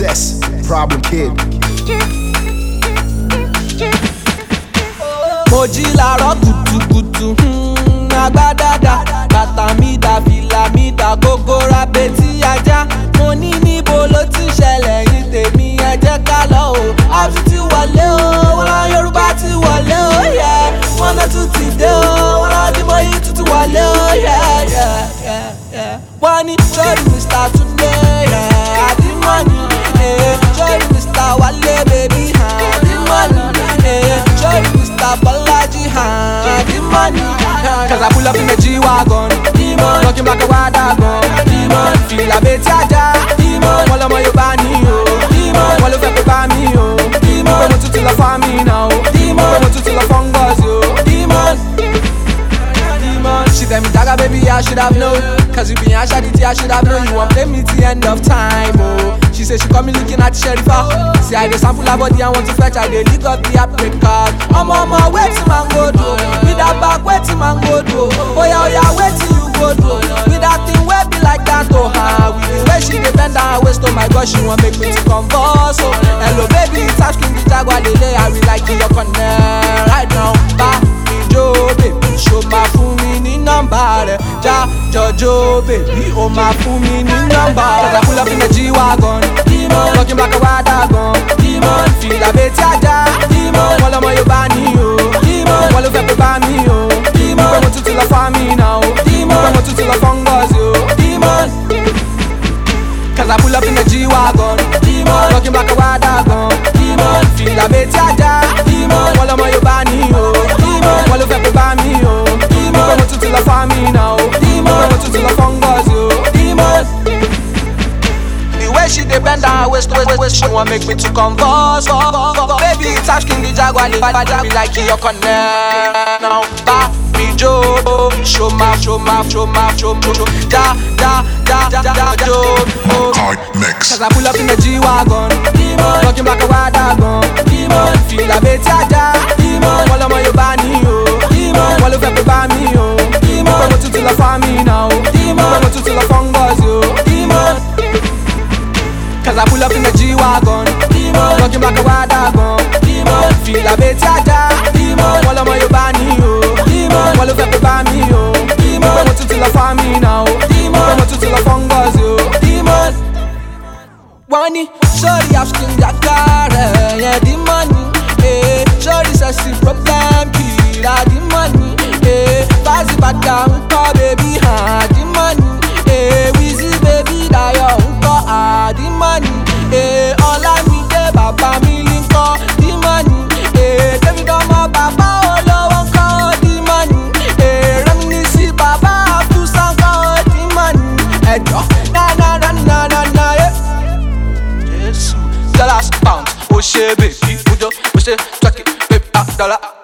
success. Problem kid. mo jí làárọ̀ kùtùkùtù hmm, agbádàdà bàtà mi dà fìlà mi dà gógó ra betí ajá mo ní níbo ló ti ṣẹlẹ̀ yín tèmi ẹ jẹ́ ká lọ o abdul ti wọlé o wọn lọ Yorùbá ti wọlé o yẹ wọn náà tún ti dé o wọn lọ dìbò yìí tún ti wọlé o yẹ yẹ ní sọ́ọ̀rù Mr. tún. Cause I pull up in the G-Wagon. Demon. Looking back a wild dragon. Oh. Demon. Feel a bit jaja. Demon. Wall of my Yobani, yo. Oh. Demon. Wall of Pepe Bami, oh. yo. Demon. Went to till a family now. Demon. Went to till a fungus, yo. Demon. Demon. She tell me, Daga, baby, I should have known. Cause you been a shady, I should have known. You won't play me till end of time, oh. She say she call me looking at the sheriff. Ah. Say I dey sample her body and want to fetch. her. They lick up the apricot. on my way to Mango do? With that back, wetin to Mango do? Oya oya, wetin you go do? With that thing wey be like that, oh ha. With the way she dey bend her waist, oh my gosh, she want make me to converse. Oh, hello baby, it's asking the jaguar lele. I will like your corner right now. Ba, ijobe, ṣo ma fún mi ní nọ́mbà Jojo, baby, oh my o ma number oh. oh. Cause I pull up in the G-Wagon Demon back a wild Demon Feel a bit jaja Demon Wọ́n lọ́mọ yóò bá ní Demon Wọ́n fẹ́ pé bá mi Demon Pẹ́ mo tún ti lọ fá o Demon mo Demon Cause I pull up in a G wagon Demon back a wild Demon Feel a bit jaja bend her waist, waist, waist. She want make me to converse. Oh, oh, oh, oh. Baby, it's asking the jaguar, if I me like your connect now. baby, me Joe, show my, show my, show my, show my, show da da da da da Joe. Hard mix. Cause I pull up in the G wagon, demon. Talking back a wild dragon, demon. Feel like Betty Ada, demon. Walla mo yo bani yo, demon. Walla fe pe bami yo, demon. Mo go to till I find me now, demon. Mo go to till I find Cause I pull up in the G-Wagon Looking like a wild dragon Feel a bit yada Wọ́n lọ́mọ Yorùbá ni o Wọ́n ló fẹ́ pé bá mi o Ìgbẹ́ mo tún ti lọ fá mi náà o Ìgbẹ́ mo tún ti lọ fọ́ngọ́sì o. Wọ́n ní sórí àfṣìǹdà yeah, yẹn dí mọ́ni. Sórí sẹ́sì problem. Moshe, baby, put your Moshe, track it, baby, ah, dollar.